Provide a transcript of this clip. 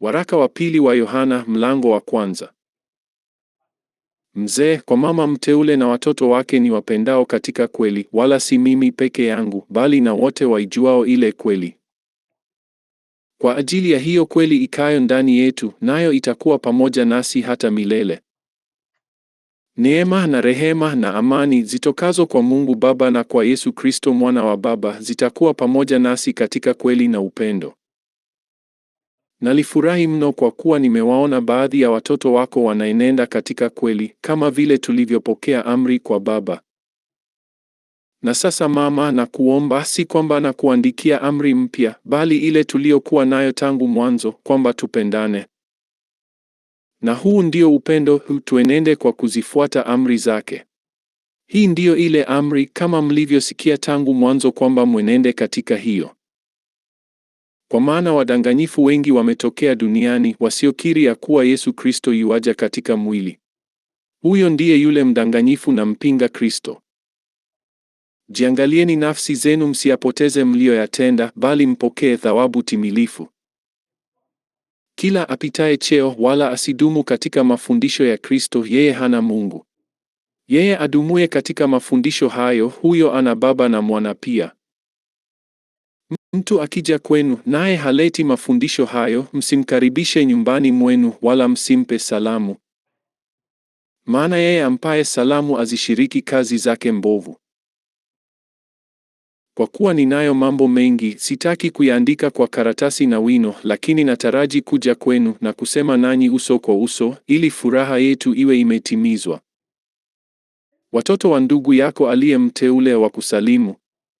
Waraka wa pili wa Yohana mlango wa kwanza. Mzee kwa mama mteule na watoto wake ni wapendao katika kweli, wala si mimi peke yangu, bali na wote waijuao ile kweli. Kwa ajili ya hiyo kweli ikayo ndani yetu, nayo itakuwa pamoja nasi hata milele. Neema na rehema na amani zitokazo kwa Mungu Baba na kwa Yesu Kristo mwana wa Baba zitakuwa pamoja nasi katika kweli na upendo. Nalifurahi mno kwa kuwa nimewaona baadhi ya watoto wako wanaenenda katika kweli, kama vile tulivyopokea amri kwa Baba. Na sasa mama, na kuomba si kwamba na kuandikia amri mpya, bali ile tuliyokuwa nayo tangu mwanzo, kwamba tupendane. Na huu ndio upendo, tuenende kwa kuzifuata amri zake. Hii ndiyo ile amri, kama mlivyosikia tangu mwanzo, kwamba mwenende katika hiyo. Kwa maana wadanganyifu wengi wametokea duniani wasiokiri ya kuwa Yesu Kristo yuaja katika mwili. Huyo ndiye yule mdanganyifu na mpinga Kristo. Jiangalieni nafsi zenu msiyapoteze mliyoyatenda, bali mpokee thawabu timilifu. Kila apitaye cheo wala asidumu katika mafundisho ya Kristo, yeye hana Mungu. Yeye adumuye katika mafundisho hayo, huyo ana Baba na Mwana pia. Mtu akija kwenu naye haleti mafundisho hayo, msimkaribishe nyumbani mwenu, wala msimpe salamu, maana yeye ampaye salamu azishiriki kazi zake mbovu. Kwa kuwa ninayo mambo mengi, sitaki kuyaandika kwa karatasi na wino, lakini nataraji kuja kwenu na kusema nanyi uso kwa uso, ili furaha yetu iwe imetimizwa. Watoto wa ndugu yako aliye mteule wa kusalimu.